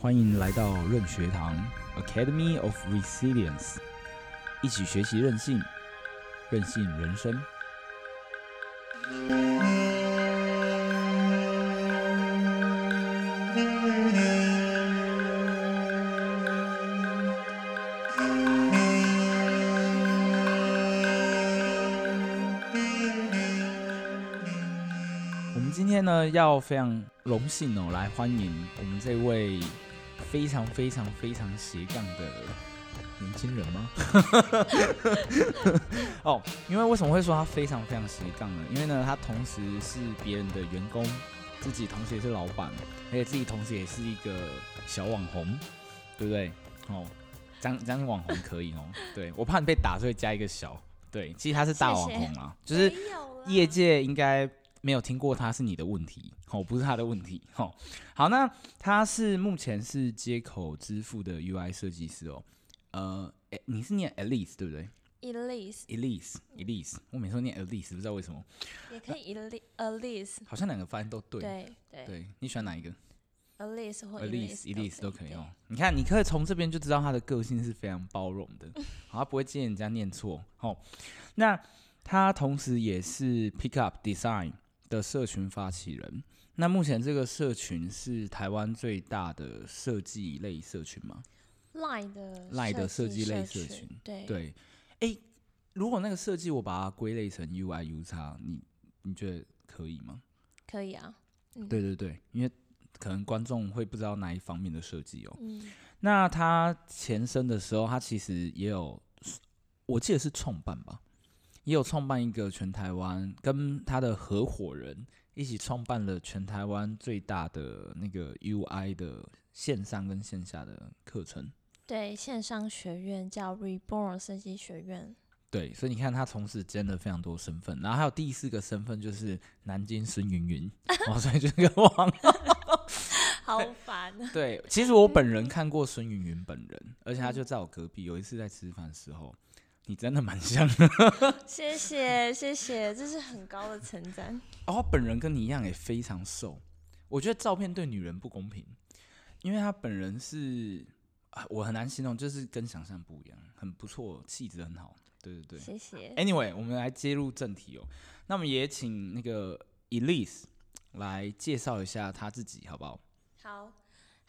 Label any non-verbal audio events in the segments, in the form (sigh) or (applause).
歡迎來到韌學堂 Academy of Resilience，一起學習韌性，任性人生。我們今天呢，要非常榮幸哦，來歡迎我們這位。非常非常非常斜槓的年輕人嗎？ (laughs) 哦，因為為什麼會說他非常非常斜槓呢？因為呢，他同時是別人的員工，自己同時也是老闆，而且自己同時也是一個小網紅，對不對？哦，這樣，這樣網紅可以哦。對，我怕你被打，所以加一個小，對，其實他是大網紅啊，謝謝，就是業界應該。沒有聽過他是你的問題哦，不是他的問題哦。好，那他是目前是街口支付的 UI 設計師哦。呃，誒你是念 Elise 對不對？Elise Elise Elise 我每次念 Elise 不知道為什麼，也可以 Elise 好像兩個發音都對。對對，對，你選哪一個 Elise 或 Elise Elise 都可以 okay, 哦。對你看，你可以從這邊就知道他的個性是非常包容的， (laughs) 好，他不會介意人家念錯。哦。那他同時也是 Pickup Design 的社群發起人，那目前這個社群是台灣最大的設計類社群嗎？Line 的 Line 的設計類社群，對。對。欸，如果那個設計我把它歸類成 UIUX，你你覺得可以嗎？可以啊。嗯。對對對，因為可能觀眾會不知道哪一方面的設計哦。嗯。那他前身的時候，他其實也有，我記得是創辦吧。也有創辦一個全台灣，跟他的合夥人一起創辦了全台灣最大的那個 UI 的線上跟線下的課程。對，線上學院叫 Reborn 設計學院。對，所以你看他從此兼了非常多身份，然後還有第四個身份就是南京孫芸芸，所以就跟忘 (laughs) (laughs) 好煩、啊。對，其實我本人看過孫芸芸本人，嗯、而且他就在我隔壁，有一次在吃飯時候。你真的蠻像的，謝謝謝謝，這是很高的稱讚。哦，本人跟你一樣，也非常瘦。我覺得照片對女人不公平，因為她本人是、啊，我很難形容，就是跟想象不一樣，很不錯，氣質很好。對對對，謝謝。Anyway，我們來切入正題哦。那我們也請那個 Elise 來介紹一下她自己，好不好？好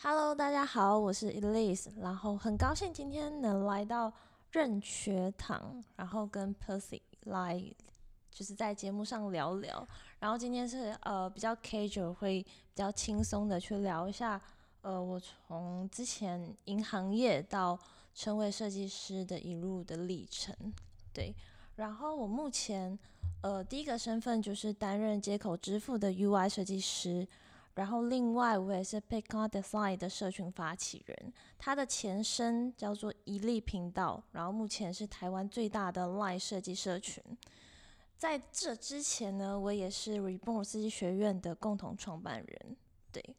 ，Hello，大家好，我是 Elise，然後很高興今天能來到。韌學堂，然後跟 Percy 來，就是在節目上聊聊。然後今天是呃比較 casual，會比較輕鬆的去聊一下，呃，我從之前銀行業到成為設計師的一路的歷程。對，然後我目前呃第一個身份就是擔任接口支付的 UI 設計師。然後，另外，我也是 Pickup Design 的社群發起人，它的前身叫做一粒頻道，然後目前是台灣最大的 LINE 設計社群。在這之前呢，我也是 Reborn 設計學院的共同創辦人。對，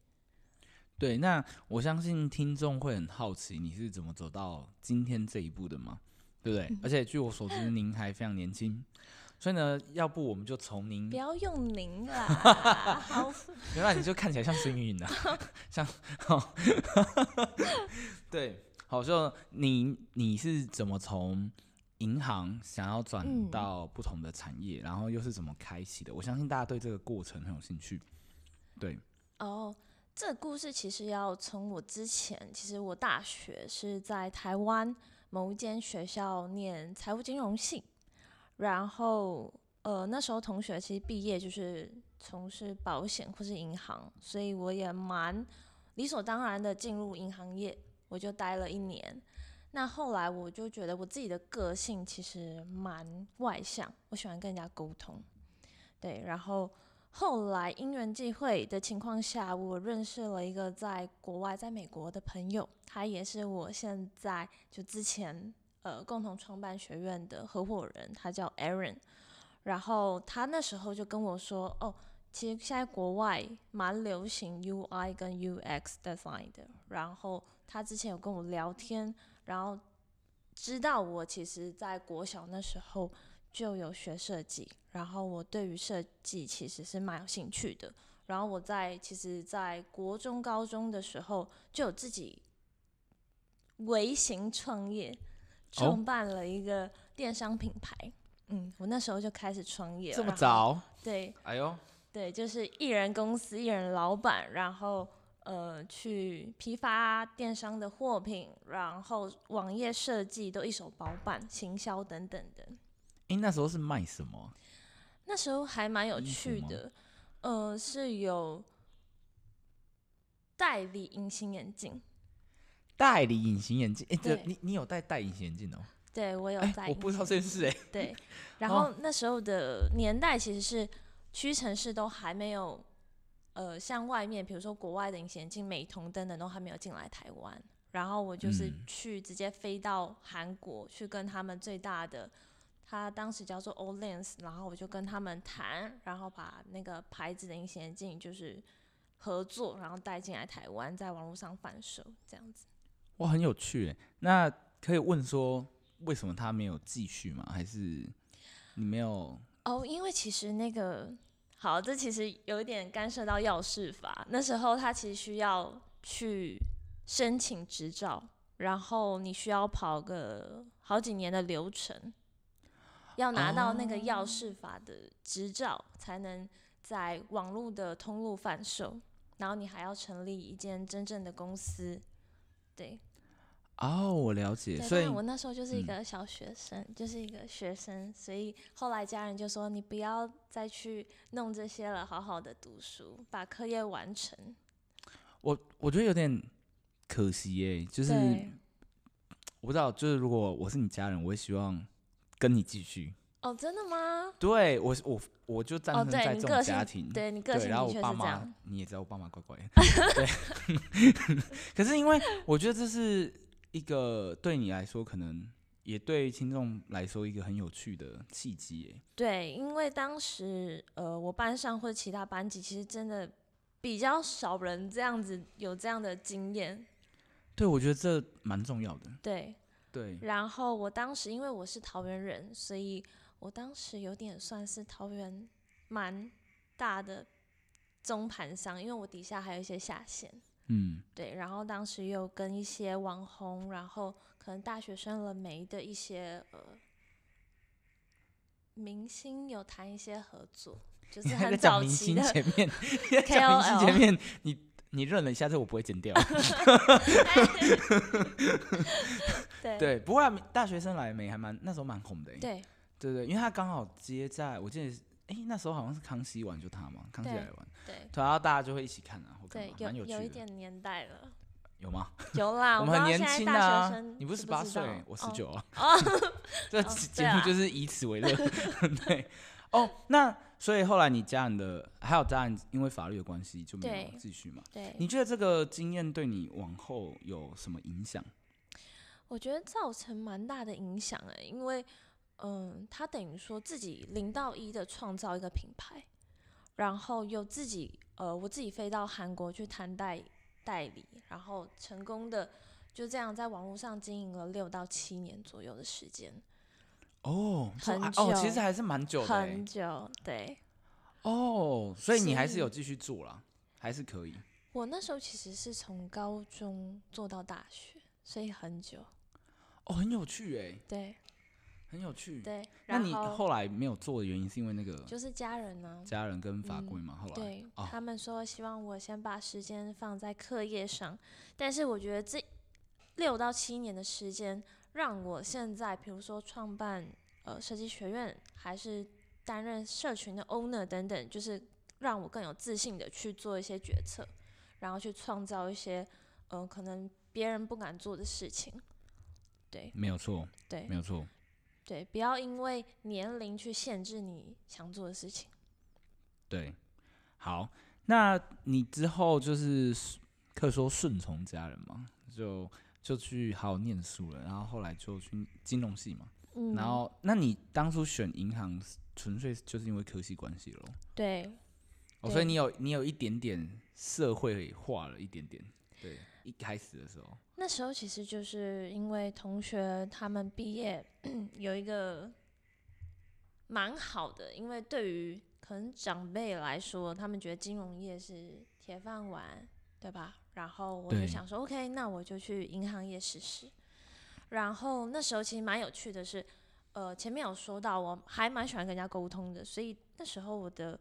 對，那我相信聽眾會很好奇，你是怎麼走到今天這一步的嘛？對不對？ (laughs) 而且，據我所知，您還非常年輕。所以呢，要不我們就從您不要用您啦， (laughs) 好原來你就看起來像幸運的， (laughs) 像好 (laughs) 對，好，就你你是怎麼從銀行想要轉到不同的產業，嗯、然後又是怎麼開啟的？我相信大家對這個過程很有興趣。對，哦，這個故事其實要從我之前，其實我大學是在台灣某一間學校念財務金融系。然後，呃，那時候同學其實畢業就是從事保險或是銀行，所以我也蠻理所當然的進入銀行業，我就待了一年。那後來我就覺得我自己的個性其實蠻外向，我喜歡跟人家溝通。對，然後後來因緣際會的情況下，我認識了一個在國外，在美國的朋友，他也是我現在就之前。呃，共同創辦學院的合夥人，他叫 Aaron，然後他那時候就跟我說：“哦，其實現在國外蠻流行 UI 跟 UX design 的。”然後他之前有跟我聊天，然後知道我其實，在國小那時候就有學設計，然後我對於設計其實是蠻有興趣的。然後我在其實，在國中高中的時候就有自己微型創業。創辦了一個電商品牌，哦、嗯，我那時候就開始創業了，這麼早？對，哎呦，對，就是一人公司，一人老闆，然後呃，去批發電商的貨品，然後網頁設計都一手包辦，行銷等等的。誒、欸，那時候是賣什麼？那時候還蠻有趣的，呃，是有代理隱形眼鏡。戴的隱形眼鏡，哎對，對、欸、你你有戴戴隱形眼鏡哦、喔？對，我有戴、欸。我不知道這件事哎。對，然後那時候的年代其實是屈臣氏都還沒有，哦、呃，像外面比如說國外的隱形眼鏡、美瞳等等都還沒有進來台灣。然後我就是去直接飛到韓國、嗯、去跟他們最大的，他當時叫做 Olens，然後我就跟他們談，然後把那個牌子的隱形眼鏡就是合作，然後帶進來台灣，在網絡上販售這樣子。我很有趣，那可以問說為什麼他沒有繼續嗎？還是你沒有？哦，oh, 因為其實那個好，這其實有一點干涉到藥事法。那時候他其實需要去申請執照，然後你需要跑個好幾年的流程，要拿到那個藥事法的執照，oh. 才能在網絡的通路販售。然後你還要成立一間真正的公司，對。哦，我了解，所以我那時候就是一個小學生，就是一個學生，所以後來家人就說：“你不要再去弄這些了，好好的讀書，把課業完成。”我我覺得有點可惜耶，就是我不知道，就是如果我是你家人，我也希望跟你繼續。哦，真的嗎？對，我我我就扎根在這種家庭，對你個性，然後我爸媽，你也知道我爸媽乖乖。對，可是因為我覺得這是。一個對你來說，可能也對聽眾來說，一個很有趣的契機欸。對，因為當時，呃，我班上或者其他班級，其實真的比較少人這樣子有這樣的經驗。對，我覺得這蠻重要的。對，對。然後我當時，因為我是桃園人，所以我當時有點算是桃園蠻大的中盤商，因為我底下還有一些下線。嗯，對，然後當時又跟一些網紅，然後可能大學生了沒的一些呃明星有談一些合作，就是很早期的 KOL。你還在講明星前面，在明星前面，你你認了一下，這我不會剪掉。 (laughs) (laughs) (laughs) 對不過、啊、大學生了沒還蠻那時候蠻紅的、欸，對,對對對，因為他剛好接在我記得。哎，那時候好像是康熙玩，就他嘛，康熙來玩，然後大家就會一起看啊，對，蠻有趣的。有一點年代了，有嗎？有啦，我們很年輕啊，你不是十八歲？我十九啊。這節目就是以此為樂，對哦。那所以後來你家人的還有家人，因為法律的關係就沒有繼續嘛。對，你覺得這個經驗對你往後有什麼影響？我覺得造成蠻大的影響哎，因為。嗯，他等於說自己零到一的創造一個品牌，然後又自己呃，我自己飛到韓國去談代理代理，然後成功的就這樣在網絡上經營了六到七年左右的時間。哦，很久哦，其實還是蠻久的欸。很久，對。哦，所以你還是有繼續做啦，是還是可以。我那時候其實是從高中做到大學，所以很久。哦，很有趣欸。對。很有趣，對。那你後來沒有做的原因，是因為那個就是家人呢、啊？家人跟法規嘛，嗯、後來對，哦、他們說希望我先把時間放在課業上，但是我覺得這六到七年的時間，讓我現在，比如說創辦呃設計學院，還是擔任社群的 owner 等等，就是讓我更有自信的去做一些決策，然後去創造一些嗯、呃、可能別人不敢做的事情。對，沒有錯。對，沒有錯。對，不要因為年齡去限制你想做的事情。對，好，那你之後就是可以說順從家人嘛，就就去好好念書了，然後後來就去金融系嘛。嗯。然後，那你當初選銀行純粹就是因為科系關係嘍？對。哦，所以你有你有一點點社會化了一點點，對。一開始的時候，那時候其實就是因為同學他們畢業 (coughs) 有一個蠻好的，因為對於可能長輩來說，他們覺得金融業是鐵飯碗，對吧？然後我就想說對，OK，那我就去銀行業試試。然後那時候其實蠻有趣的是，呃，前面有說到，我還蠻喜歡跟人家溝通的，所以那時候我的。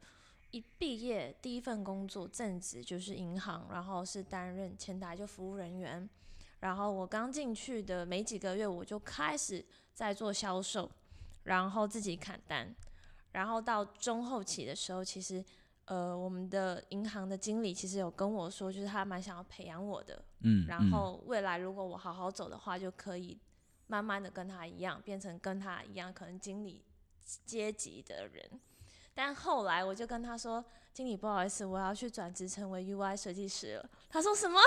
一畢業第一份工作，正職就是銀行，然後是擔任前台，就服務人員。然後我剛進去的沒幾個月，我就開始在做銷售，然後自己砍單。然後到中後期的時候，其實，呃，我們的銀行的經理其實有跟我說，就是他蠻想要培養我的，嗯，然後未來如果我好好走的話，就可以慢慢的跟他一樣，變成跟他一樣，可能經理階級的人。但後來我就跟他說：“經理，不好意思，我要去轉職成為 UI 設計師了。”他說什麼？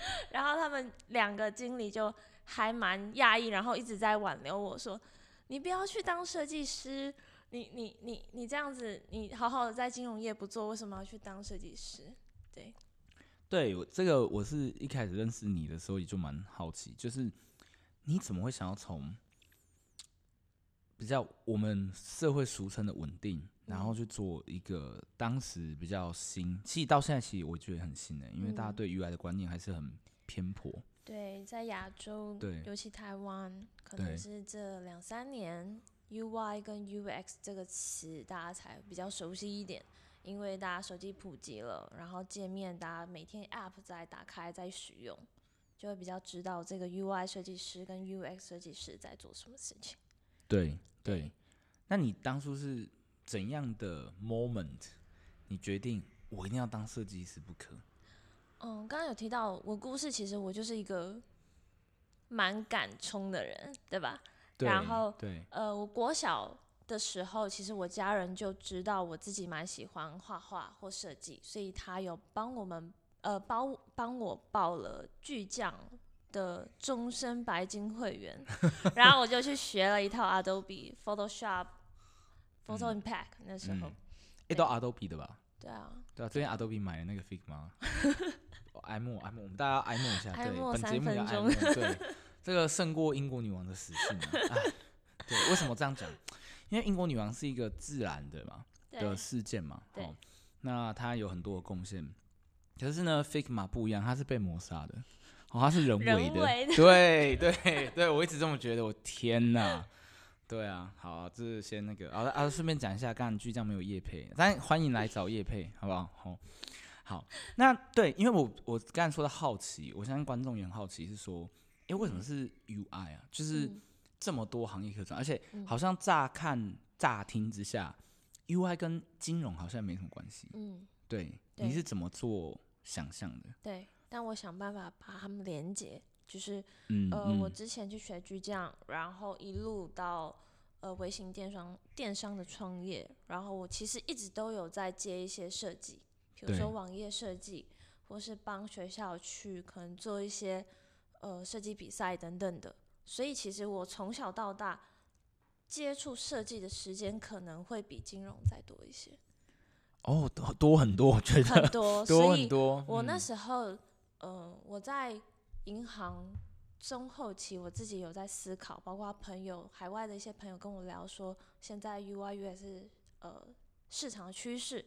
(laughs) 然後他們兩個經理就還蠻訝異，然後一直在挽留我說：“你不要去當設計師，你你你你這樣子，你好好的在金融業不做，為什麼要去當設計師？”對，對我這個我是一開始認識你的時候也就蠻好奇，就是你怎麼會想要從？比較我們社會俗稱的穩定，然後去做一個當時比較新，其實到現在其實我覺得很新的、欸，因為大家對 UI 的觀念還是很偏頗、嗯。對，在亞洲，對，尤其台灣，可能是這兩三年對 UI 跟 UX 這個詞大家才比較熟悉一點，因為大家手機普及了，然後界面大家每天 App 在打開在使用，就會比較知道這個 UI 設計師跟 UX 設計師在做什麼事情。對對，那你當初是怎樣的 moment 你決定我一定要當設計師不可？嗯，剛剛有提到我故事，其實我就是一個蠻敢衝的人，對吧？對，然後，對，呃，我國小的時候，其實我家人就知道我自己蠻喜歡畫畫或設計，所以他有幫我們呃幫幫我報了巨匠。的終身白金會員，然後我就去學了一套 Adobe Photoshop、Photo Impact 那時候，一到 Adobe 的吧？對啊，對啊，最近 Adobe 買了那個 Figma，哀默哀默，我們大家哀默一下，本節目三分鐘，對，這個勝過英國女王的死訊啊！對，為什麼這樣講？因為英國女王是一個自然的嘛的事件嘛，對，那她有很多的貢獻，可是呢，Figma 不一樣，它是被抹殺的。它、哦、是人為的，為的，對對對，我一直這麼覺得。我天哪，對啊，好，這、就是先那個啊啊，順、啊、便講一下，剛剛巨匠沒有業配，但歡迎來找業配，嗯、好不好？好，好，那對，因為我我剛才說的好奇，我相信觀眾也很好奇，是說，哎、欸，為什麼是 UI 啊？就是這麼多行業可轉，而且好像乍看乍聽之下，UI 跟金融好像也沒什麼關係。嗯，對，你是怎麼做想象的？對。但我想辦法把它們連接，就是、嗯、呃，嗯、我之前去學居匠，然後一路到呃微型電商、電商的創業，然後我其實一直都有在接一些設計，比如說網頁設計，對或是幫學校去可能做一些呃設計比賽等等的。所以其實我從小到大接觸設計的時間可能會比金融再多一些。哦，多多很多，我覺得很多，所以多，多。嗯、我那時候。嗯、呃，我在銀行中後期，我自己有在思考，包括朋友海外的一些朋友跟我聊說，現在 UI UX 呃市場趨勢，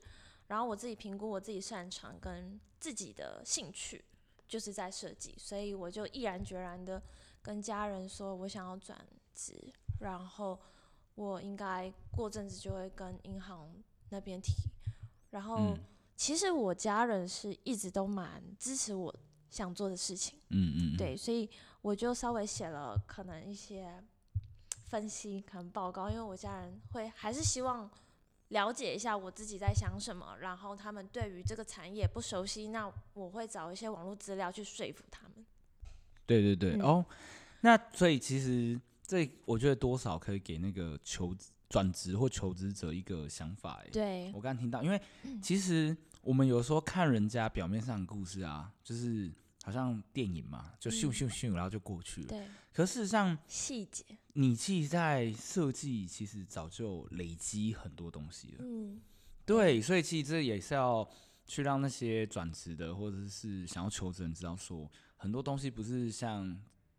然後我自己評估我自己擅長跟自己的興趣，就是在設計，所以我就毅然決然的跟家人說我想要轉職，然後我應該過陣子就會跟銀行那邊提，然後其實我家人是一直都蠻支持我。想做的事情，嗯嗯，對，所以我就稍微寫了可能一些分析，可能報告，因為我家人會還是希望了解一下我自己在想什麼，然後他們對於這個產業不熟悉，那我會找一些網絡資料去說服他們。對對對，嗯、哦，那所以其實這我覺得多少可以給那個求轉職或求職者一個想法、欸，哎對，對我剛剛聽到，因為其實。嗯我們有時候看人家表面上的故事啊，就是好像電影嘛，就咻咻咻，咻，嗯、然後就過去了。對，可是事實上細節，你其實在設計其實早就累積很多東西了。嗯、對，所以其實這也是要去讓那些轉職的或者是想要求職人知道說，很多東西不是像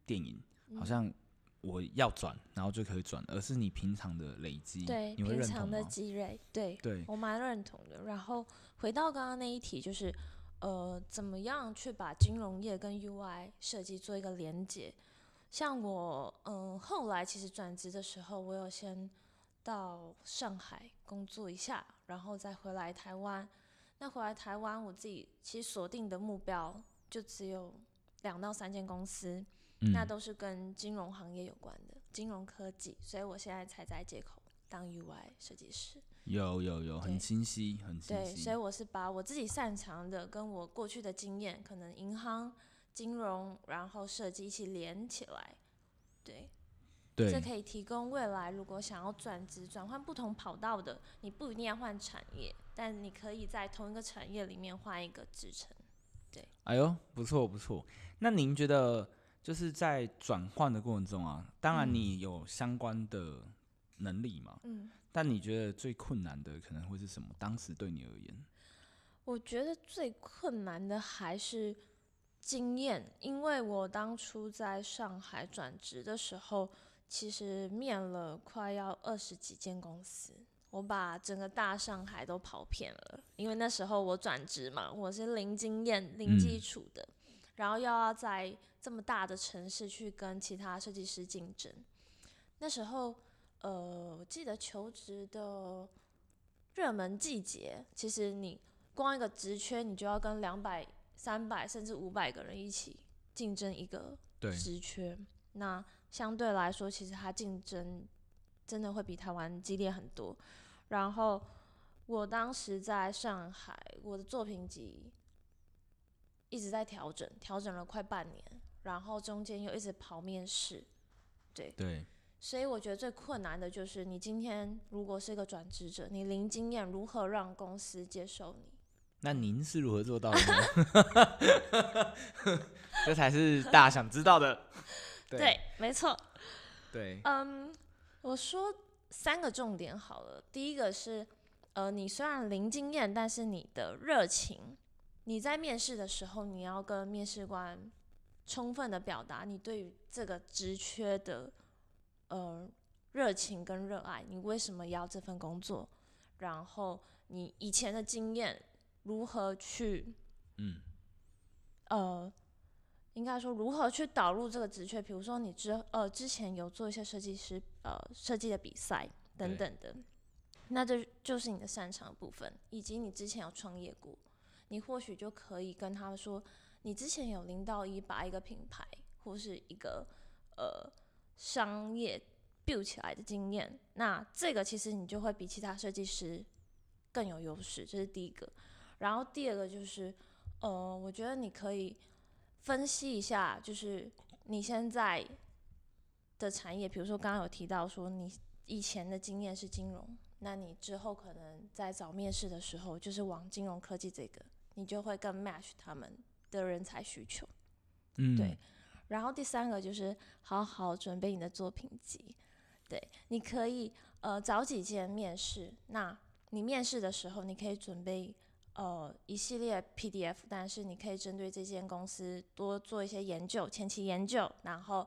電影好像。我要轉，然後就可以轉，而是你平常的累積，對，平常的積累，對，對我蠻認同的。然後回到剛剛那一題，就是呃，怎麼樣去把金融業跟 UI 設計做一個連結，像我，嗯、呃，後來其實轉職的時候，我有先到上海工作一下，然後再回來台灣。那回來台灣，我自己其實鎖定的目標就只有兩到三間公司。嗯，那都是跟金融行業有關的金融科技，所以我現在才在借口當 UI 設計師。有有有，很清晰，對很清晰。對，所以我是把我自己擅長的跟我過去的經驗，可能銀行、金融，然後設計一起連起來。對，對這可以提供未來如果想要轉職、轉換不同跑道的，你不一定要換產業，但你可以在同一個產業裡面換一個職稱。對，哎呦，不錯不錯。那您覺得？就是在轉換的過程中啊，當然你有相關的能力嘛，嗯，嗯，但你覺得最困難的可能會是什麼？當時對你而言，我覺得最困難的還是經驗，因為我當初在上海轉職的時候，其實面了快要二十幾間公司，我把整個大上海都跑遍了，因為那時候我轉職嘛，我是零經驗、零基礎的，嗯，然後又要在這麼大的城市去跟其他設計師競爭，那時候，呃，我記得求職的熱門季節，其實你光一個職缺，你就要跟兩百、三百甚至五百個人一起競爭一個職缺。對那相對來說，其實它競爭真的會比台灣激烈很多。然後我當時在上海，我的作品集一直在調整，調整了快半年。然後中間又一直跑面試，對對，所以我覺得最困難的就是你今天如果是一個轉職者，你零經驗，如何讓公司接受你？那您是如何做到的呢？ (laughs) (laughs) 這才是大家想知道的。 (laughs) 對，對，沒錯。對，嗯，um, 我說三個重點好了。第一個是，呃，你雖然零經驗，但是你的熱情，你在面試的時候，你要跟面試官。充分的表達你對於這個職缺的，呃，熱情跟熱愛，你為什麼要這份工作？然後你以前的經驗如何去，嗯，呃，應該說如何去導入這個職缺，比如說你之呃之前有做一些設計師呃設計的比賽等等的，對那這就是你的擅長的部分，以及你之前有創業過，你或許就可以跟他們說。你之前有零到一把一個品牌或是一個呃商業 build 起來的經驗，那這個其實你就會比其他設計師更有優勢，這是第一個。然後第二個就是，呃，我覺得你可以分析一下，就是你現在的產業，比如說剛剛有提到說你以前的經驗是金融，那你之後可能在找面試的時候，就是往金融科技這個，你就會更 match 他們。的人才需求，對。嗯，然後第三個就是好好準備你的作品集，對。你可以呃找幾間面試，那你面試的時候你可以準備呃一系列 PDF，但是你可以針對這間公司多做一些研究，前期研究，然後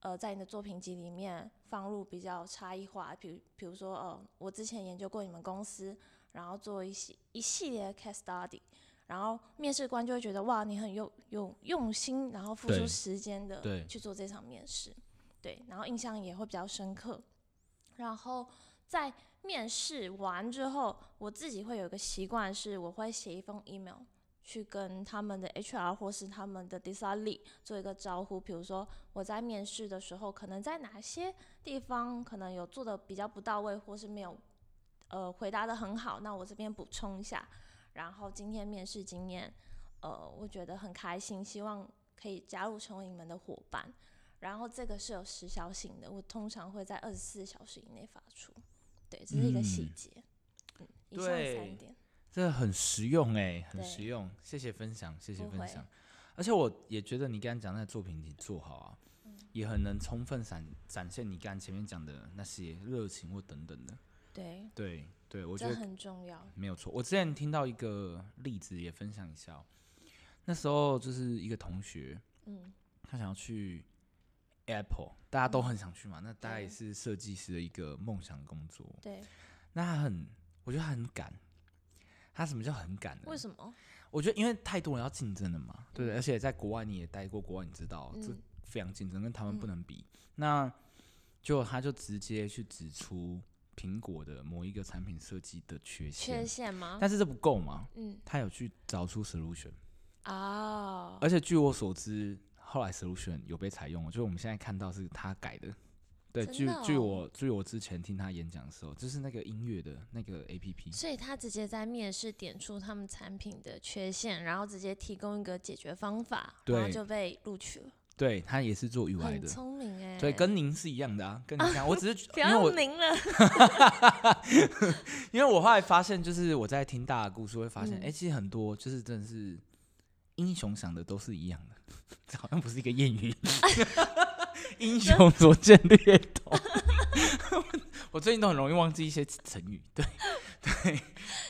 呃在你的作品集裡面放入比較差異化，比比如說呃我之前研究過你們公司，然後做一些一系列 case study。然後面試官就會覺得哇，你很有有用心，然後付出時間的去做這場面試，對、對、對，然後印象也會比較深刻。然後在面試完之後，我自己會有一個習慣，是我會寫一封 email 去跟他們的 HR 或是他們的 Design Lead 做一個招呼。比如說我在面試的時候，可能在哪些地方可能有做的比較不到位，或是沒有呃回答得很好，那我這邊補充一下。然後今天面試經驗，呃，我覺得很開心，希望可以加入成為你們的夥伴。然後這個是有時效性的，我通常會在二十四小時以內發出。對，這是一個細節。以下三點，這很實用哎、欸，很實用，對謝謝分享，謝謝分享。會而且我也覺得你剛才講那作品你做好啊，嗯、也很能充分展展現你剛才前面講的那些熱情或等等的。對對。對對，我覺得很重要，沒有錯。我之前聽到一個例子，也分享一下，喔。那時候就是一個同學，嗯，他想要去 Apple，大家都很想去嘛。嗯、那大家也是設計師的一個夢想工作，對。那他很，我覺得他很敢。他什麼叫很敢呢？為什麼？我覺得因為太多人要競爭了嘛。嗯、對，而且在國外你也待過，國外你知道，嗯、這非常競爭，跟他們不能比。嗯、那就他就直接去指出。蘋果的某一個產品設計的缺陷缺陷嗎？但是這不夠嘛？嗯，他有去找出 solution，哦。而且據我所知，後來 solution 有被採用了，就我們現在看到是他改的。對，哦、據據我據我之前聽他演講的時候，就是那個音樂的那個 app。所以他直接在面試點出他們產品的缺陷，然後直接提供一個解決方法，對然後就被錄取了。對，他也是做 UI 的。所以跟您是一樣的啊，跟您是一樣的、啊，啊、我只是不要 因為我，了 (laughs) 因為我後來發現，就是我在聽大家故事會發現，哎、嗯欸，其實很多就是真的是英雄想的都是一樣的，這好像不是一個諺語，英雄所見略同。 (laughs) 我最近都很容易忘記一些成語，對對，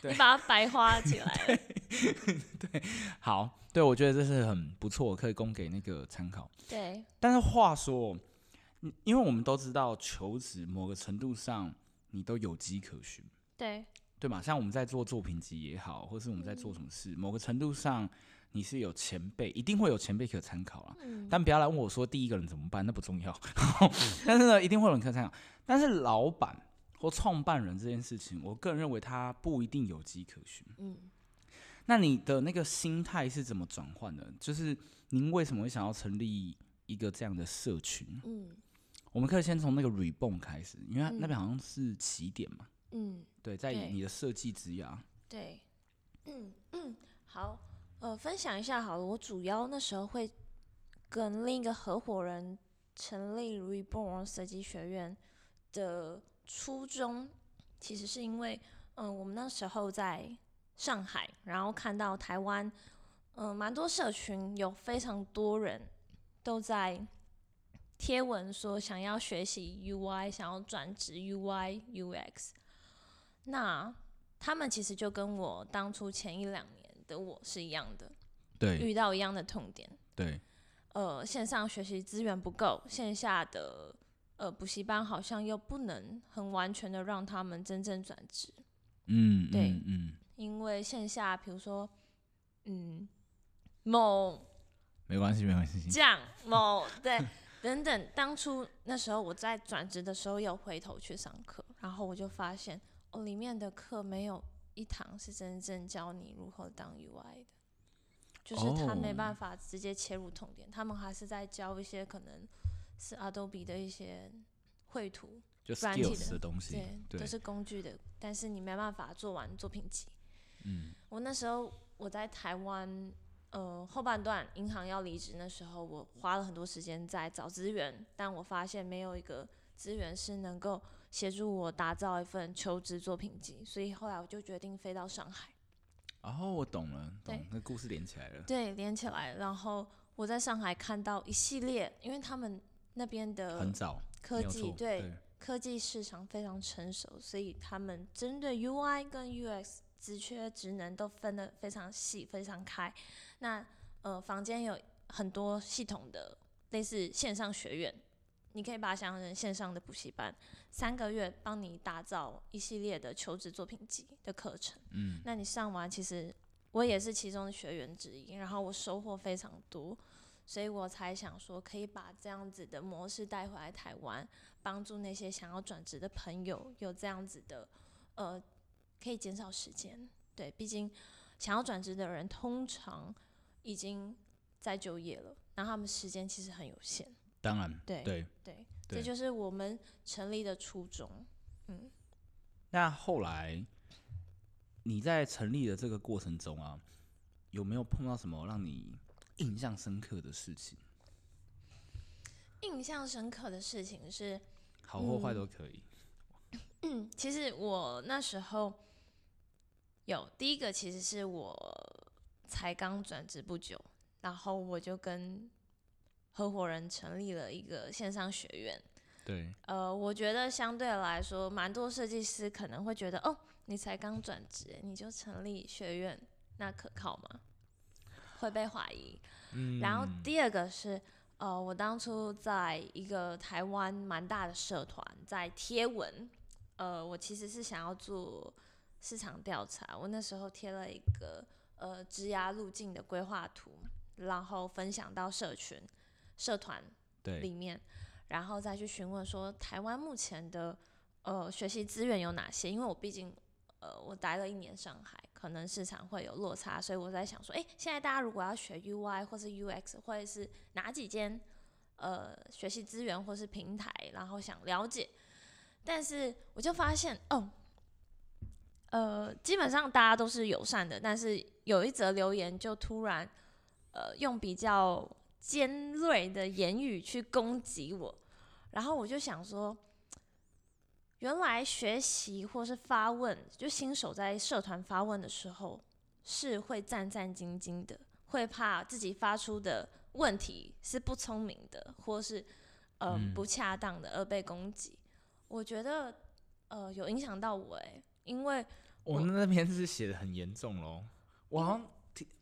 對你把它白花起來對，對，好，對我覺得這是很不錯，可以供給那個參考。對，但是話說。因為我們都知道，求職某個程度上你都有跡可循，對對嘛？像我們在做作品集也好，或是我們在做什麼事，嗯、某個程度上你是有前輩，一定會有前輩可參考啦。嗯、但不要來問我說第一個人怎麼辦，那不重要。 (laughs) 嗯、但是呢，一定會有人可參考。但是老板或創辦人這件事情，我個人認為他不一定有跡可循。嗯。那你的那個心態是怎麼轉換的？就是您為什麼會想要成立一個這樣的社群？嗯。我們可以先從那個 Reborn 開始，因為那邊好像是起點嘛。嗯，對，在你的設計之涯、啊。對嗯，嗯，好，呃，分享一下好了。我主要那時候會跟另一個合夥人成立 Reborn 設計學院的初衷，其實是因為，嗯、呃，我們那時候在上海，然後看到台灣，嗯、呃，蠻多社群有非常多人都在。貼文說想要學習 UI，想要轉職 UI UX，那他們其實就跟我當初前一兩年的我是一樣的，對，遇到一樣的痛點，對，呃，線上學習資源不夠，線下的呃補習班好像又不能很完全的讓他們真正轉職，嗯對嗯，嗯，對，嗯，因為線下比如說，嗯，某沒，沒關係，沒關係，這樣某對。 (laughs) 等等，當初那時候我在轉職的時候有回頭去上課，然後我就發現哦，裡面的課沒有一堂是真正教你如何當 UI 的，就是他沒辦法直接切入痛點，oh. 他們還是在教一些可能是 Adobe 的一些繪圖、軟體 Just skills 的東西，the things. 對，對都是工具的，但是你沒辦法做完作品集。嗯，mm. 我那時候我在台灣。呃，後半段銀行要離職那時候，我花了很多時間在找資源，但我發現沒有一個資源是能夠協助我打造一份求職作品集，所以後來我就決定飛到上海。然後、哦、我懂了，懂了，對，那故事連起來了。對，連起來。然後我在上海看到一系列，因為他們那邊的很早科技對，對科技市場非常成熟，所以他們針對 UI 跟 UX 職缺職能都分得非常細，非常開。那呃，房間有很多系統的類似線上學院，你可以把它想像成線上的補習班，三個月幫你打造一系列的求職作品集的課程。嗯，那你上完，其實我也是其中的學員之一，然後我收穫非常多，所以我才想說可以把這樣子的模式帶回來台灣，幫助那些想要轉職的朋友有這樣子的，呃，可以減少時間。對，畢竟想要轉職的人通常。已經在就業了，那他們時間其實很有限。當然，對對對，這就是我們成立的初衷。對。嗯。那後來你在成立的這個過程中啊，有沒有碰到什麼讓你印象深刻的事情？印象深刻的事情是，好或壞都可以。嗯，其實我那時候有第一個，其實是我。才剛轉職不久，然後我就跟合夥人成立了一個線上學院。對。呃，我覺得相對來說，蠻多設計師可能會覺得，哦，你才剛轉職，你就成立學院，那可靠嗎？會被懷疑。嗯。然後第二個是，呃，我當初在一個台灣蠻大的社團在貼文，呃，我其實是想要做市場調查，我那時候貼了一個。呃，職涯路徑的規劃圖，然後分享到社群、社團裡面，對然後再去詢問說，台灣目前的呃學習資源有哪些？因為我畢竟呃我待了一年上海，可能市場會有落差，所以我在想說，誒，現在大家如果要學 UI 或是 UX，或者是哪幾間呃學習資源或是平台，然後想了解，但是我就發現，哦。呃，基本上大家都是友善的，但是有一則留言就突然，呃，用比較尖銳的言語去攻擊我，然後我就想說，原來學習或是發問，就新手在社團發問的時候是會戰戰兢兢的，會怕自己發出的問題是不聰明的，或是嗯，呃，不恰當的而被攻擊。嗯。我覺得呃有影響到我，欸。因為我們、哦、那篇是寫的很嚴重咯，為我好像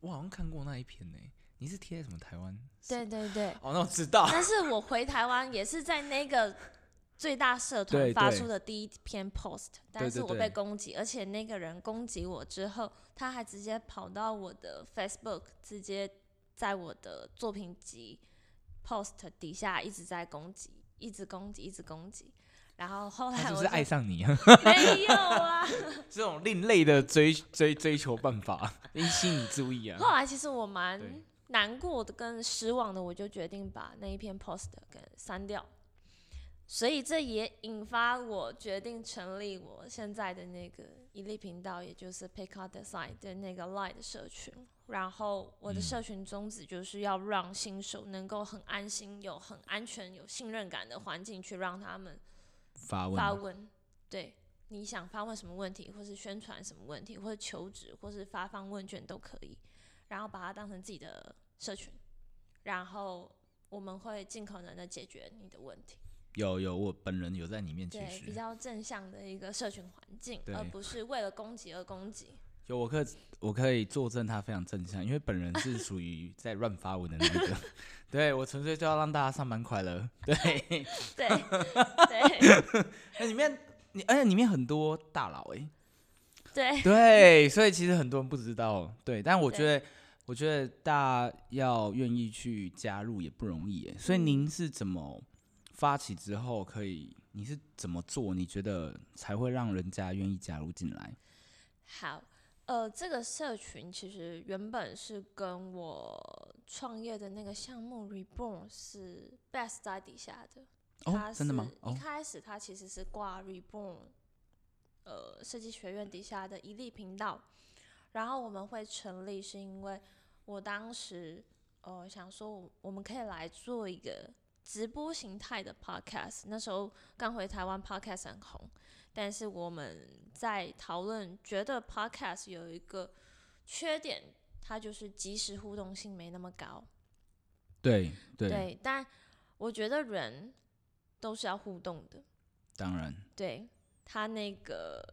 我好像看過那一篇呢、欸。你是貼在什麼台灣？對對對。哦，那我知道。但是我回台灣也是在那個最大社團發出的第一篇 post，對對對，但是我被攻擊，對對對，而且那個人攻擊我之後，他還直接跑到我的 Facebook，直接在我的作品集 post 底下一直在攻擊，一直攻擊，一直攻擊。然後後來就是愛上你啊，沒有啊，這種另類的追追追求辦法，吸引你注意啊。後來其實我蠻難過的，跟失望的，我就決定把那一篇 post 給刪掉。所以這也引發我決定成立我現在的那個伊利頻道，也就是 Pickup Design 的那個 LINE 社群。然後我的社群宗旨就是要讓新手能夠很安心、有很安全、有信任感的環境，去讓他們。發問吧？發問，對，你想發問什麼問題，或是宣傳什麼問題，或者求職，或是發放問卷都可以，然後把它當成自己的社群，然後我們會盡可能的解決你的問題。有有，我本人有在裡面，對實比較正向的一個社群環境，對而不是為了攻擊而攻擊。就，我可以我可以作證，它非常正向，因為本人是屬於在亂發文的那個， (laughs) 對我純粹就要讓大家上班快樂。對對。 (laughs) 那、 (laughs) 哎，裡面，你而且、哎，裡面很多大佬哎，對對，所以其實很多人不知道，對，但我覺得，對我覺得大家要願意去加入也不容易哎，對所以您是怎麼發起之後可以，你是怎麼做，你覺得才會讓人家願意加入進來？好，呃，這個社群其實原本是跟我創業的那個項目 Reborn 是 Best 在底下的。它是一開始，它其實是掛 Reborn，、oh, 真的嗎? oh. 呃，設計學院底下的一粒頻道。然後我們會成立，是因為我當時呃想說，我我們可以來做一個直播形態的 Podcast。那時候剛回台灣，Podcast 很紅。但是我們在討論，覺得 Podcast 有一個缺點，它就是即時互動性沒那麼高。對對,對，但我覺得人。都是要互動的，嗯、當然，對，他那個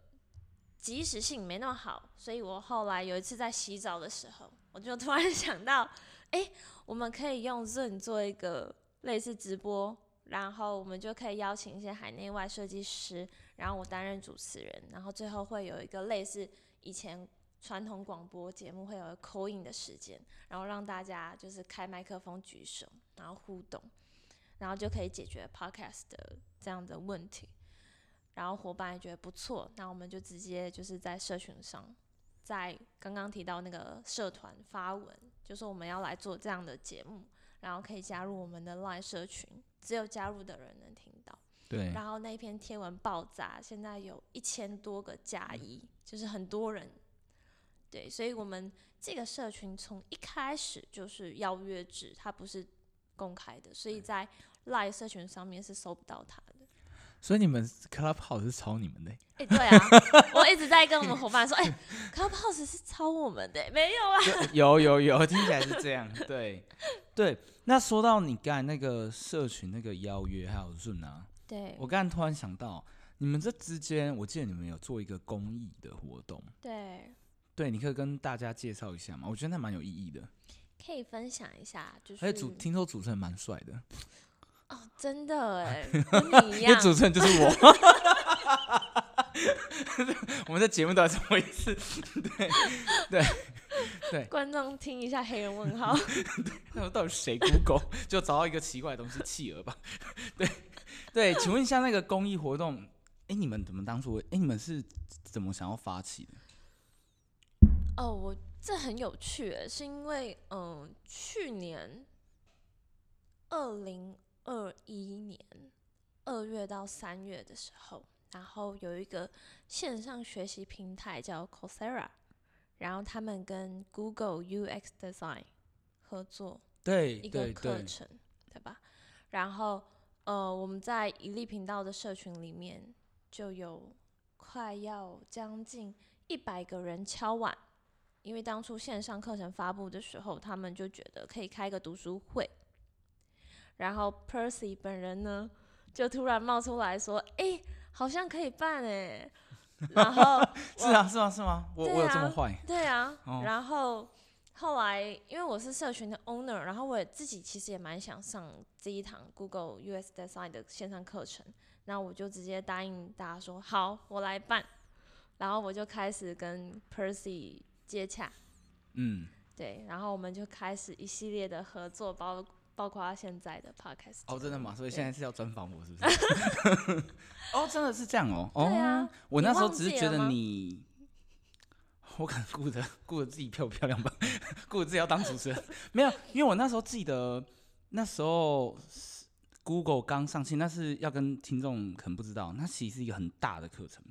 即時性沒那麼好，所以我後來有一次在洗澡的時候，我就突然想到，哎、欸，我們可以用 Zoom 做一個類似直播，然後我們就可以邀請一些海內外設計師，然後我擔任主持人，然後最後會有一個類似以前傳統廣播節目會有一個 call in 的時間，然後讓大家就是開麥克風舉手，然後互動。然後就可以解決 podcast 的這樣的問題，然後夥伴也覺得不錯，那我們就直接就是在社群上，在剛剛提到那個社團發文，就是說我們要來做這樣的節目，然後可以加入我們的 LINE 社群，只有加入的人能聽到。對。然後那一篇貼文爆炸，現在有一千多個加一，就是很多人。對，所以我們這個社群從一開始就是邀約制，它不是。公開的，所以在 Line 社群上面是搜不到他的。所以你們 Clubhouse 是抄你們的、欸？哎、欸，對啊， (laughs) 我一直在跟我們夥伴說，哎、欸、，Clubhouse 是抄我們的、欸，沒有啊？有有有，聽起來是這樣。 (laughs) 對對，那說到你幹那個社群那個邀約，還有潤啊，對我剛才突然想到，你們這之間，我記得你們有做一個公益的活動。對，對，你可以跟大家介紹一下嗎？我覺得那蠻有意義的。可以分享一下，就是，哎，主，聽說主持人蠻帥的。哦，真的哎。啊、跟你一樣。因為主持人就是我。 (laughs) (laughs) 我們在節目都要這麼一次。對對對。對觀眾聽一下，黑人問號，對， (laughs) 那我到底誰 Google？就找到一個奇怪的東西，企鵝吧？對對，請問一下那個公益活動，哎、欸，你們怎麼當初？哎、欸，你們是怎麼想要發起的？哦，我。這很有趣，是因為嗯、呃，去年二零二一年二月到三月的時候，然後有一個線上學習平台叫 Coursera，然後他們跟 Google UX Design 合作，對一個課程，對，對，對，對吧？然後呃，我們在 Elise 頻道的社群裡面就有快要將近一百個人敲碗。因為當初線上課程發布的時候，他們就覺得可以開個讀書會，然後 Percy 本人呢，就突然冒出來說：“哎，好像可以辦誒，然後是啊，是啊，是嗎？是嗎？我、啊、我有這麼壞？對啊。哦、然後後來，因為我是社群的 owner，然後我也自己其實也蠻想上這一堂 Google US Design 的線上課程，那我就直接答應大家說：“好，我來辦。”然後我就開始跟 Percy。接洽，嗯，對，然後，我們就開始一系列的合作，包括包括他現在的 podcast 哦。真的嗎？所以現在是要專訪我，是不是？對 (laughs) (laughs) 哦，真的是這樣哦。哦對、啊、我那時候只是覺得你，你我可能顧着顧着自己漂不漂亮吧，顧着自己要當主持人。 (laughs) 沒有，因為我那時候記得那時候 Google 剛上線，那是要跟聽眾可能不知道，那其實是一個很大的課程，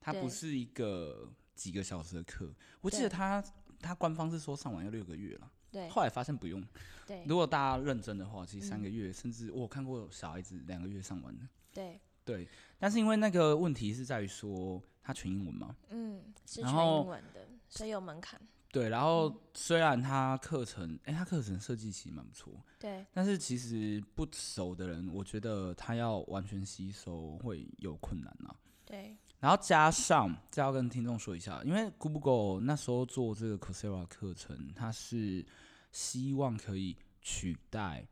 它不是一個。幾個小時的課，我記得他對他官方是說上完要六個月了，對，後來發現不用，對。如果大家認真的話，其實三個月、嗯、甚至我看過小孩子兩個月上完的，對。對，但是因為那個問題是在於說它全英文嘛，嗯，是全英文的，後所以有門檻。對，然後雖然它課程，哎、欸，它課程設計其實蠻不錯，對。但是其實不熟的人，我覺得他要完全吸收會有困難啊，對。然後加上，再要跟聽眾說一下，因為 Google 那時候做這個 Coursera 課程，它是希望可以取代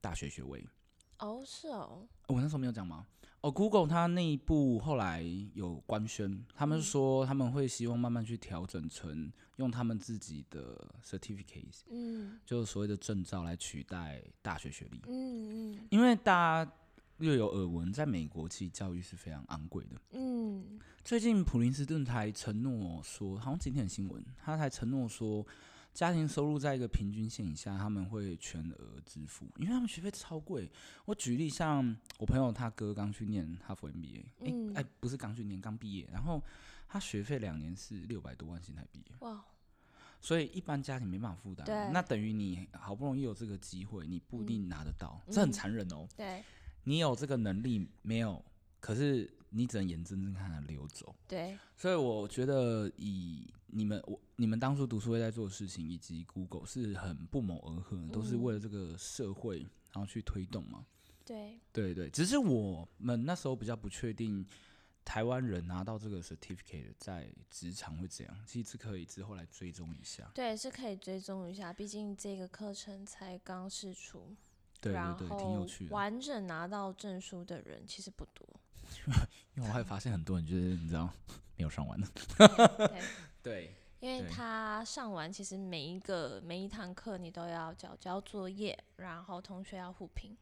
大學學位。哦，是哦。哦，我那時候沒有講嗎？哦，Google 它內部後來有官宣，他們是說他們會希望慢慢去調整成用他們自己的 certificates，嗯，就是所謂的證照來取代大學學歷。嗯嗯，嗯因為大家。又有耳聞，在美國其實教育是非常昂貴的。嗯，最近普林斯頓才承諾說，好像今天的新聞，他才承諾說，家庭收入在一個平均線以下，他們會全額支付，因為他們學費超貴。我舉例，像我朋友他哥剛去念哈佛 MBA，哎、嗯欸欸、不是剛去念，剛畢業，然後他學費兩年是六百多萬新台幣。哇！所以一般家庭沒辦法負擔。對，那等於你好不容易有這個機會，你不一定拿得到，嗯、這很殘忍哦。對。你有這個能力沒有？可是你只能眼睜睜看它溜走。對，所以我覺得以你們我你們當初讀書會在做的事情，以及 Google 是很不謀而合的，嗯、都是為了這個社會然後去推動嘛。對，對，對對，只是我們那時候比較不確定台灣人拿到這個 certificate 在職場會怎樣，其實可以之後來追蹤一下。對，是可以追蹤一下，畢竟這個課程才剛試出。對對對，然後完整拿到證書的人其實不多， (laughs) 因為我還發現很多人就是你知道沒有上完的。 (laughs) 對，對，因為他上完其實每一個每一堂課你都要交交作業，然後同學要互評。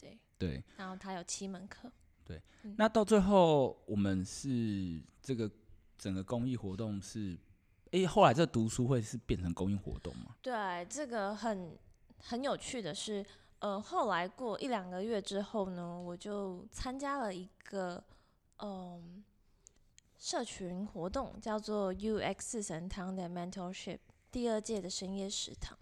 對對，然後他有七門課。對，嗯、那到最後我們是這個整個公益活動是，哎，後來這讀書會是變成公益活動嗎？對，這個很很有趣的是，呃，後來過一兩個月之後呢，我就參加了一個嗯、呃、社群活動，叫做 U X 四神湯的 Mentorship 第二屆的深夜食堂。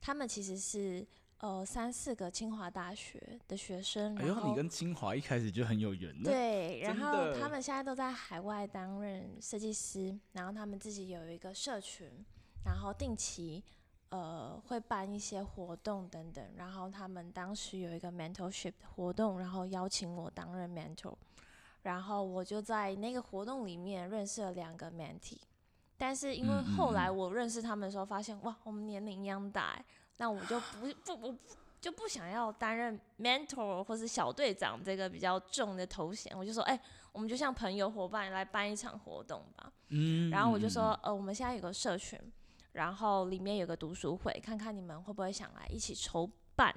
他們其實是呃三四個清華大學的學生，然後哎呦你跟清華一開始就很有緣，對，然後他們現在都在海外擔任設計師，然後他們自己有一個社群，然後定期。呃，會辦一些活動等等，然後他們當時有一個 mentorship 活動，然後邀請我擔任 mentor，然後我就在那個活動裡面認識了兩個 mentee，但是因為後來我認識他們的時候，發現，嗯嗯哇，我們年齡一樣大，欸，那我就不不不，不就不想要擔任 mentor 或是小隊長這個比較重的頭銜，我就說，哎、欸，我們就像朋友夥伴來辦一場活動吧，嗯，然後我就說，呃，我們現在有個社群。然後裡面有個讀書會，看看你們會不會想來一起籌辦。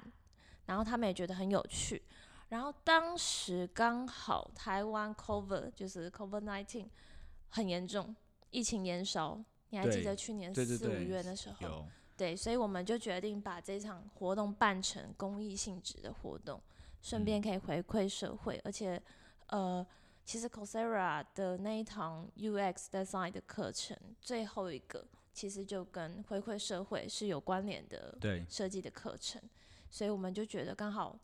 然後他們也覺得很有趣。然後當時剛好台灣 COVID 就是 COVID-19 很嚴重，疫情延燒。對你還記得去年四五月的時候？有對，所以我們就決定把這場活動辦成公益性質的活動，順便可以回饋社會。嗯、而且，呃，其實 Coursera 的那一堂 UX design 的課程最後一個。其實就跟回饋社會是有關聯的，設計的課程，對所以我們就覺得剛好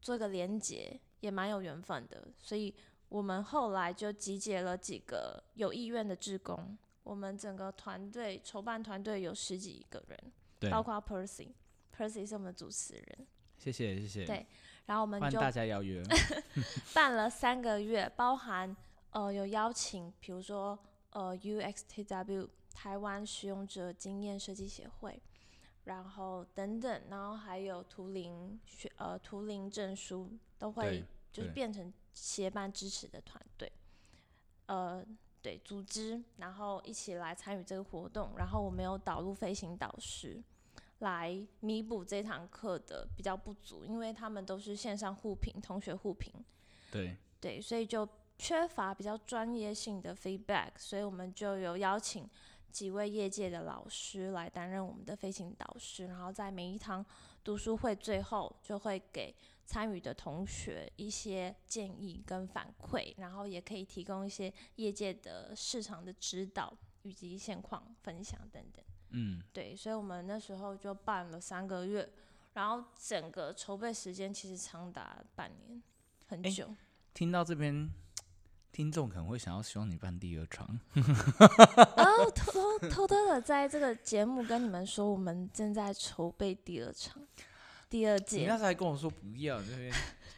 做個連結，也蠻有緣分的。所以我們後來就集結了幾個有意願的志工，我們整個團隊籌辦團隊有十幾個人，對包括 Percy，Percy 是我們的主持人，謝謝謝謝，謝謝對，然後我們就大家邀約， (laughs) 辦了三個月，包含呃有邀請，比如說呃 U X T W。台灣使用者經驗設計協會，然後等等，然後還有圖靈學呃圖靈證書都會就是變成協辦支持的團隊，對對呃對組織，然後一起來參與這個活動。然後我們有導入飛行導師來彌補這堂課的比較不足，因為他們都是線上互評同學互評，對對，所以就缺乏比較專業性的 feedback，所以我們就有邀請。幾位業界的老師來擔任我們的飛行導師，然後在每一堂讀書會最後就會給參與的同學一些建議跟反饋，然後也可以提供一些業界的市場的指導以及現況分享等等。嗯，對，所以我們那時候就辦了三個月，然後整個籌備時間其實長達半年，很久。欸，聽到這邊。聽眾可能會想要希望你辦第二場，然 (laughs) 後、oh, 偷偷偷偷的在這個節目跟你們說，我們正在籌備第二場第二季。你剛才跟我說不要這邊，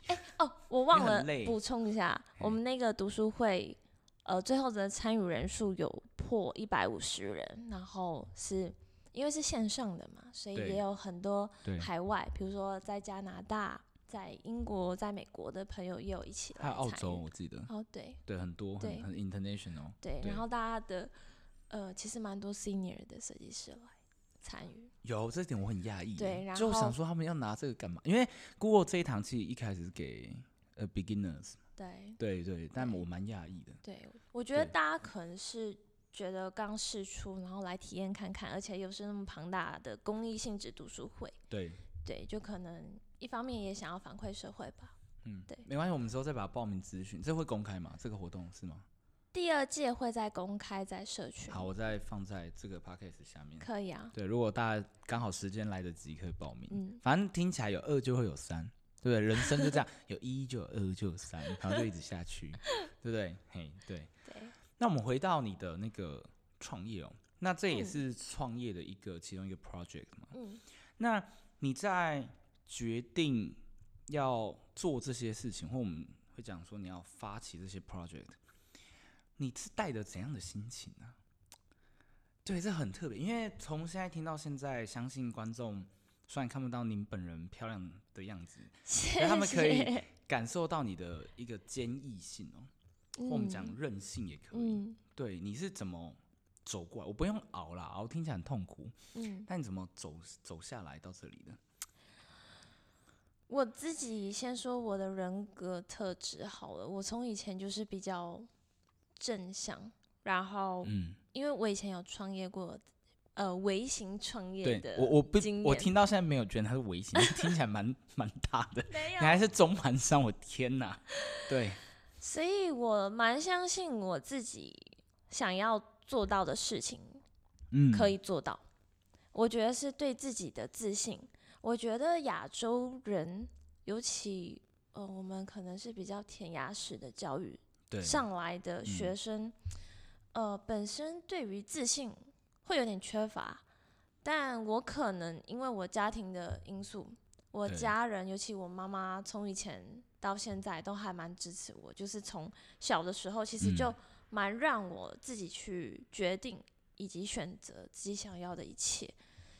哎、 (laughs) 欸、哦，我忘了補充一下，我們那個讀書會，呃，最後的參與人數有破一百五十人，然後是因為是線上的嘛，所以也有很多海外，比如說在加拿大。在英國、在美國的朋友也有一起來，還有澳洲，我記得哦，對，對，很多，很 international，對。然後大家的呃，其實蠻多 senior 的設計師來參與，有這一點我很訝異，對，然後就想說他們要拿這個幹嘛？因為 Google 這一堂其實一開始是給呃 beginners，對，對，對，對，但我蠻訝異的，對，我覺得大家可能是覺得剛試出，然後來體驗看看，而且又是那麼龐大的公益性質讀書會，對，對，就可能。一方面也想要反饋社會吧，嗯，對，沒關係，我們之後再把報名資訊，這會公開嗎？這個活動是嗎？第二屆會再公開在社群。好，我再放在這個 podcast 下面。可以啊。對，如果大家剛好時間來得及，可以報名。嗯，反正聽起來有二就會有三，對不對？人生就這樣， (laughs) 有一就有二就有三，然後就一直下去， (laughs) 對不對？嘿，對。對。那我們回到你的那個創業哦，那這也是創業的一個其中一個 project 嘛嗯。嗯。那你在，決定要做這些事情，或我們會講說你要發起這些 project，你是帶着怎樣的心情呢？啊？對，這很特別，因為從現在聽到現在，相信觀眾雖然看不到您本人漂亮的樣子，但謝謝、嗯、他們可以感受到你的一個堅毅性哦、喔、嗯、或我們講韌性也可以。嗯、對，你是怎麼走過來？我不用熬了，熬聽起來很痛苦，嗯，但你怎麼走走下來到這裡的？我自己先說我的人格特質好了。我從以前就是比較正向，然後，因為我以前有創業過，呃，微型創業的對。我我不我聽到現在沒有覺得它是微型， (laughs) 你聽起來蠻蠻大的。 (laughs) 沒有，你還是中盤商，我天哪！對，所以我蠻相信我自己想要做到的事情，嗯，可以做到。嗯、我覺得是對自己的自信。我覺得亞洲人，尤其呃，我們可能是比較填鴨式的教育對上來的學生，嗯、呃，本身對於自信會有點缺乏。但我可能因為我家庭的因素，我家人對尤其我媽媽，從以前到現在都還蠻支持我，就是從小的時候其實就蠻讓我自己去決定以及選擇自己想要的一切，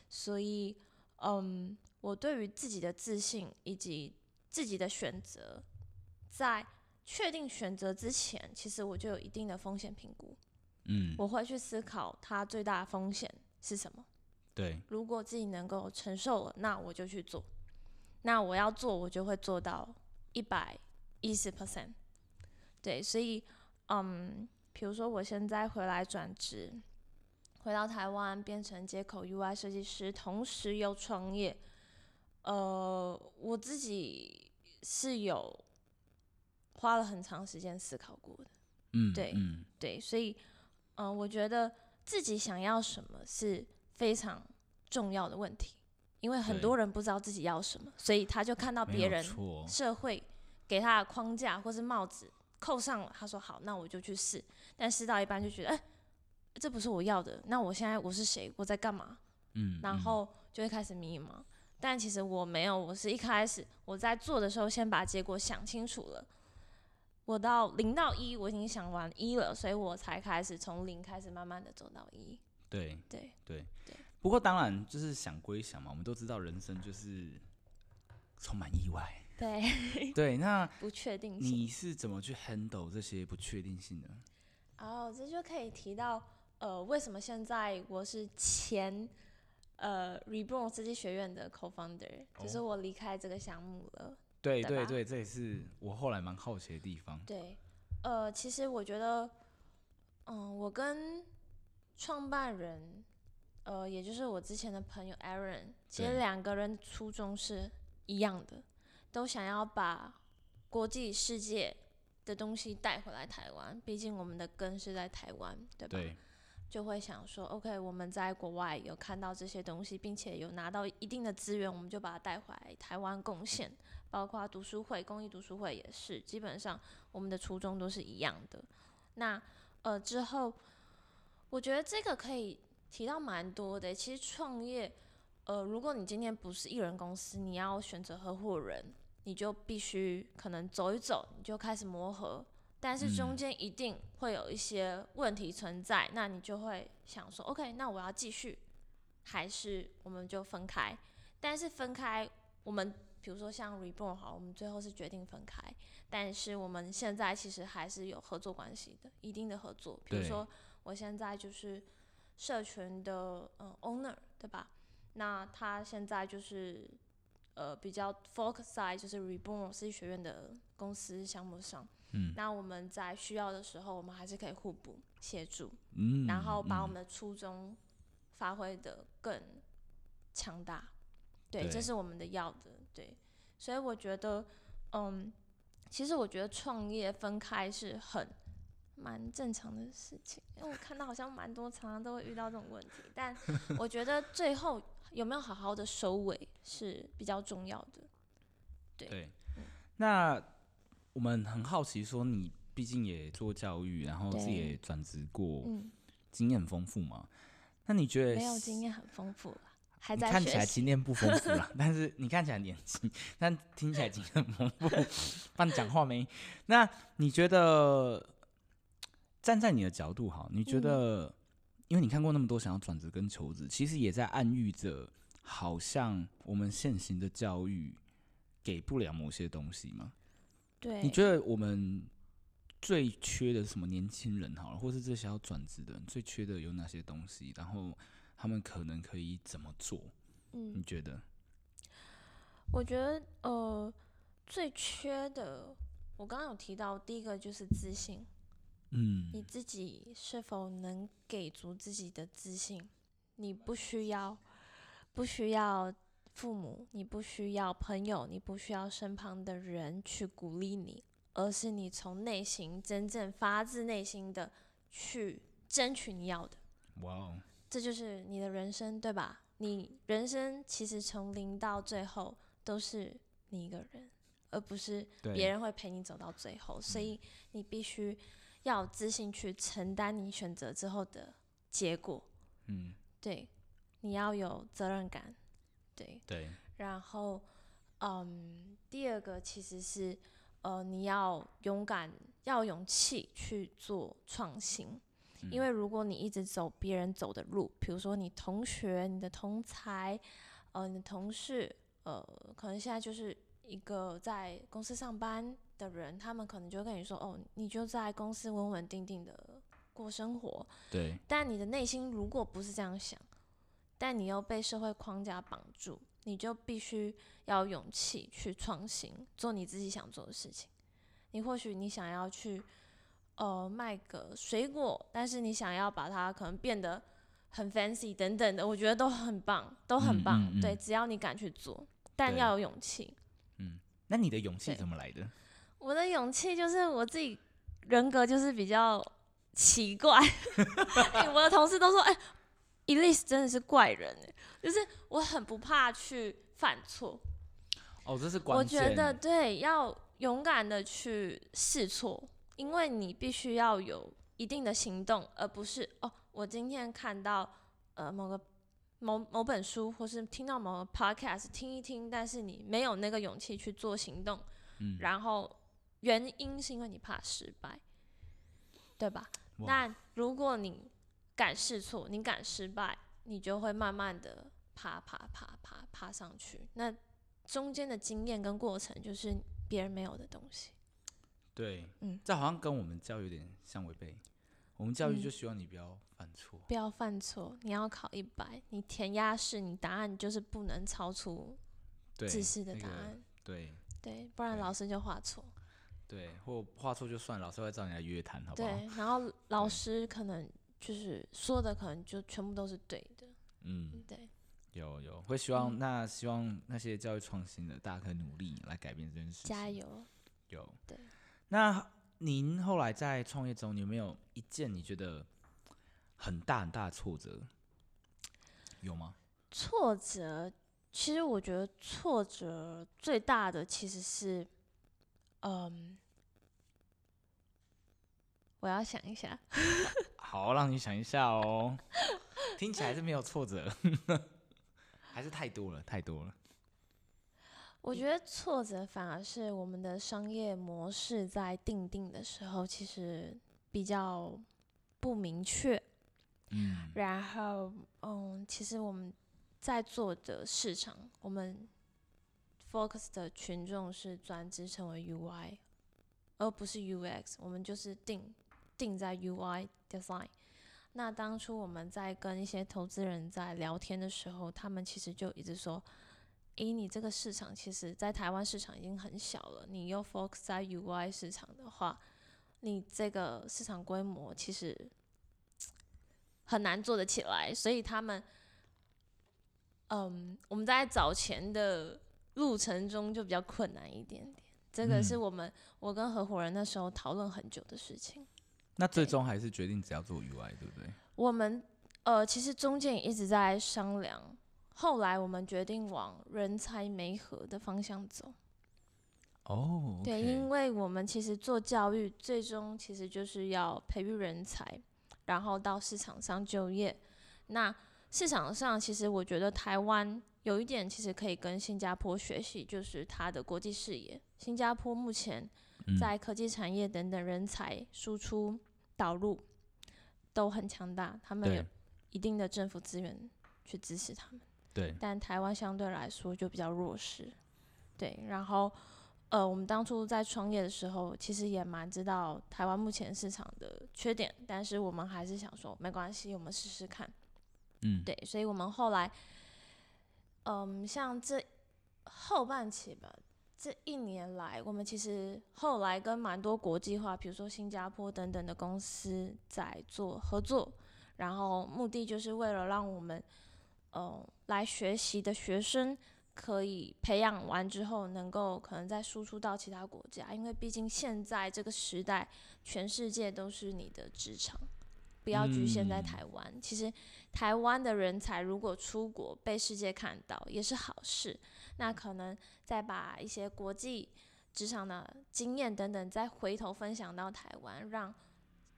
所以嗯。我對於自己的自信以及自己的選擇，在確定選擇之前，其實我就有一定的風險評估。嗯，我會去思考它最大的風險是什麼。對，如果自己能夠承受了，那我就去做。那我要做，我就會做到一百一十 percent。對，所以，嗯，比如說我現在回來轉職，回到台灣變成接口 UI 設計師，同時又創業。呃，我自己是有花了很長時間思考過的，嗯，對，嗯、對，所以，嗯、呃，我覺得自己想要什麼是非常重要的問題，因為很多人不知道自己要什麼，對所以他就看到別人社會給他的框架或是帽子扣上了，他說好，那我就去試，但試到一半就覺得，哎，這不是我要的，那我現在我是誰，我在幹嘛？嗯，然後就會開始迷茫。但其實我沒有，我是一開始我在做的時候，先把結果想清楚了。我到零到一，我已經想完一了，所以我才開始從零開始慢慢的走到一。對對對。不過當然就是想歸想嘛，我們都知道人生就是充滿意外。對 (laughs) 對，那不確定性你是怎麼去 handle 這些不確定性的？哦，oh, 這就可以提到，呃，為什麼現在我是前。呃、uh, Reborn 設計學院的 Co-founder、oh, 就是我離開這個項目了。對對吧對，對，這也是我後來蠻好奇的地方。對，呃，其實我覺得，嗯、呃，我跟創辦人，呃，也就是我之前的朋友 Aaron，其實兩個人的初衷是一樣的，對都想要把國際世界的東西帶回來台灣，畢竟我們的根是在台灣，對吧？對。就會想說，OK，我們在國外有看到這些東西，並且有拿到一定的資源，我們就把它帶回來台灣貢獻。包括讀書會、公益讀書會也是，基本上我們的初衷都是一樣的。那呃，之後我覺得這個可以提到蠻多的。其實創業，呃，如果你今天不是一人公司，你要選擇合夥人，你就必須可能走一走，你就開始磨合。但是中間一定會有一些問題存在，嗯、那你就會想說，OK，那我要繼續，還是我們就分開？但是分開，我們比如說像 Reborn 哈，我們最後是決定分開，但是我們現在其實還是有合作關係的，一定的合作。比如說我現在就是社群的嗯對、呃、owner 對吧？那他現在就是呃比較 focus side 就是 Reborn 私立學院的。公司項目上，嗯、那我們在需要的時候，我們還是可以互補協助，嗯、然後把我們的初衷發揮得更強大，嗯、對，對這是我們的要的，對，所以我覺得，嗯，其實我覺得創業分開是很蠻正常的事情，因、嗯、為我看到好像蠻多常常都會遇到這種問題，但我覺得最後有沒有好好的收尾是比較重要的，對，對嗯、那。我們很好奇，說你畢竟也做教育，然後自己也轉職過，嗯、經驗很豐富嘛？那你覺得沒有經驗很豐富了，還在，看起來經驗不豐富了？ (laughs) 但是你看起來年輕，但聽起來經驗很豐富。幫你講 (laughs) 話沒？那你覺得站在你的角度好？你覺得因為你看過那麼多想要轉職跟求職，其實也在暗喻着，好像我們現行的教育給不了某些東西嗎？對，你覺得我們最缺的是什麼？年輕人好了，或是這些要轉職的人最缺的有哪些東西？然後他們可能可以怎麼做？嗯，你覺得？我覺得呃，最缺的，我剛剛有提到，第一個就是自信。嗯，你自己是否能給足自己的自信？你不需要，不需要。父母，你不需要朋友，你不需要身旁的人去鼓勵你，而是你從內心真正發自內心的去爭取你要的。哇哦，這就是你的人生，對吧？你人生其實從零到最後都是你一個人，而不是別人會陪你走到最後。對所以你必須要有自信去承擔你選擇之後的結果。嗯，對，你要有責任感。對，然後，嗯，第二個其實是，呃，你要勇敢，要有勇氣去做創新，嗯、因為如果你一直走別人走的路，比如說你同學、你的同才、呃，你的同事，呃，可能現在就是一個在公司上班的人，他們可能就跟你說，哦，你就在公司穩穩定定的過生活，對，但你的內心如果不是這樣想。但你又被社會框架綁住，你就必須要勇氣去創新，做你自己想做的事情。你或許你想要去，呃，賣個水果，但是你想要把它可能變得很 fancy 等等的，我覺得都很棒，都很棒。嗯嗯嗯、對，只要你敢去做，但要有勇氣。嗯，那你的勇氣怎麼來的？我的勇氣就是我自己人格就是比較奇怪， (laughs) (laughs) 哎、我的同事都說，哎。Elise 真的是怪人，欸，就是我很不怕去犯錯。哦，我覺得對，要勇敢的去試錯，因為你必須要有一定的行動，而不是哦，我今天看到呃某個某某本書，或是聽到某個 podcast 聽一聽，但是你沒有那個勇氣去做行動，嗯，然後原因是因為你怕失敗，對吧？哇但如果你敢試錯，你敢失敗，你就會慢慢的爬爬爬爬爬，爬上去。那中間的經驗跟過程，就是別人沒有的東西。對，嗯，這好像跟我們教育有點相違背。我們教育就希望你不要犯錯，嗯，不要犯錯。你要考一百，你填鴨式，你答案就是不能超出知識的答案，對，那個，對，對，不然老師就畫錯。對，或畫錯就算，老師會找你來約談，好不好？對，然後老師可能，嗯。就是說的可能就全部都是對的，嗯，對，有有會希望，嗯、那希望那些教育創新的大家可以努力來改變這件事情，加油，有對。那您後來在創業中有沒有一件你覺得很大很大的挫折？有嗎？挫折，其實我覺得挫折最大的其實是，嗯，我要想一下。 (laughs) 好，讓你想一下哦。 (laughs) 聽起來還是沒有挫折， (laughs) 還是太多了，太多了。我覺得挫折反而是我們的商業模式在定定的時候，其實比較不明確。嗯、然後嗯，其實我們在做的市場，我們 focus 的群眾是專職成為 UI，而不是 UX，我們就是定。定在 UI design。那當初我們在跟一些投資人在聊天的時候，他們其實就一直說：“哎、欸，你這個市場其實在台灣市場已經很小了，你又 focus 在 UI 市場的話，你這個市場規模其實很難做得起來。”所以他們，嗯，我們在找錢的路程中就比較困難一點點。這個是我們、嗯、我跟合夥人那時候討論很久的事情。那最終還是決定只要做 UI，對不對？對，我們呃，其實中間也一直在商量，後來我們決定往人才媒合的方向走。哦，oh, okay. 對，因為我們其實做教育，最終其實就是要培育人才，然後到市場上就業。那市場上其實我覺得台灣有一點其實可以跟新加坡學習，就是它的國際視野。新加坡目前在科技產業等等人才輸出。嗯導入都很強大，他們有一定的政府資源去支持他們。對，但台灣相對來說就比較弱勢。對，然後呃，我們當初在創業的時候，其實也蠻知道台灣目前市場的缺點，但是我們還是想說沒關係，我們試試看。嗯，對，所以我們後來，嗯、呃，像這後半期吧。這一年來，我們其實後來跟蠻多國際化，比如說新加坡等等的公司在做合作，然後目的就是為了讓我們，呃，來學習的學生可以培養完之後，能夠可能再輸出到其他國家。因為畢竟現在這個時代，全世界都是你的職場，不要局限在台灣。嗯、其實台灣的人才如果出國被世界看到，也是好事。那可能再把一些國際職場的經驗等等，再回頭分享到台灣，讓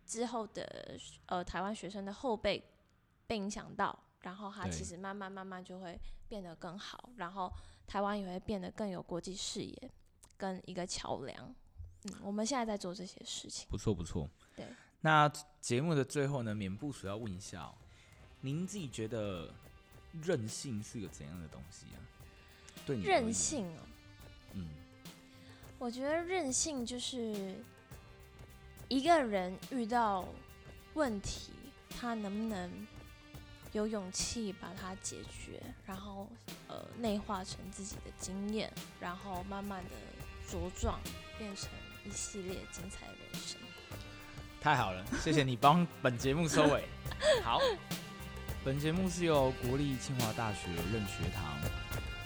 之後的呃台灣學生的後輩被影響到，然後他其實慢慢慢慢就會變得更好，對然後台灣也會變得更有國際視野跟一個橋梁。嗯，我們現在在做這些事情，不錯不錯。不錯對，那節目的最後呢，免部主要問一下哦，您自己覺得韌性是個怎樣的東西啊？韌性、哦、嗯，我覺得韌性就是一個人遇到問題，他能不能有勇氣把它解決，然後呃內化成自己的經驗，然後慢慢的茁壯，變成一系列精彩人生。太好了，謝謝你幫本節目收尾。 (laughs) 好，本節目是由國立清華大學韌學堂，